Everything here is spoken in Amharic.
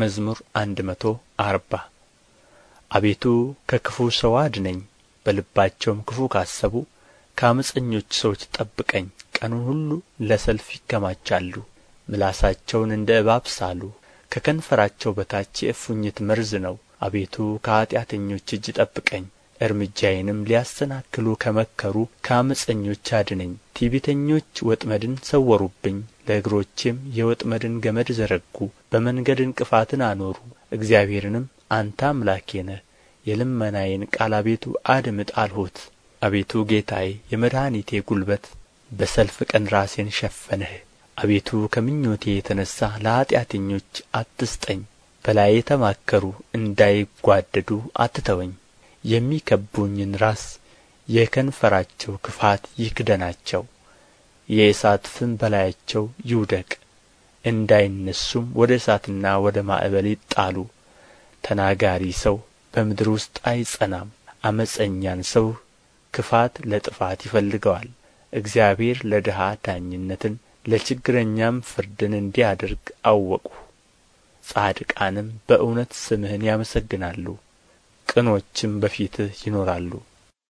መዝሙር መቶ አርባ አቤቱ ከክፉ ሰው አድነኝ በልባቸውም ክፉ ካሰቡ ከአመፀኞች ሰዎች ጠብቀኝ ቀኑን ሁሉ ለሰልፍ ይከማቻሉ ምላሳቸውን እንደ እባብ ሳሉ ከከንፈራቸው በታች የእፉኝት መርዝ ነው አቤቱ ከኀጢአተኞች እጅ ጠብቀኝ እርምጃዬንም ሊያሰናክሉ ከመከሩ ከአመፀኞች አድነኝ ትዕቢተኞች ወጥመድን ሰወሩብኝ ለእግሮቼም የወጥመድን ገመድ ዘረጉ በመንገድ እንቅፋትን አኖሩ እግዚአብሔርንም አንተ አምላኬ ነህ የልመናዬን ቃል አቤቱ አድምጥ አልሁት አቤቱ ጌታዬ የመድኃኒቴ ጉልበት በሰልፍ ቀን ራሴን ሸፈንህ አቤቱ ከምኞቴ የተነሣ ለኀጢአተኞች አትስጠኝ በላዬ ተማከሩ እንዳይጓደዱ አትተወኝ የሚከቡኝን ራስ የከንፈራቸው ክፋት ይክደናቸው የእሳት ፍም በላያቸው ይውደቅ እንዳይነሱም ወደ እሳትና ወደ ማዕበል ይጣሉ ተናጋሪ ሰው በምድር ውስጥ አይጸናም አመፀኛን ሰው ክፋት ለጥፋት ይፈልገዋል እግዚአብሔር ለድሀ ዳኝነትን ለችግረኛም ፍርድን እንዲያደርግ አወቁ! ጻድቃንም በእውነት ስምህን ያመሰግናሉ ቅኖችም በፊትህ ይኖራሉ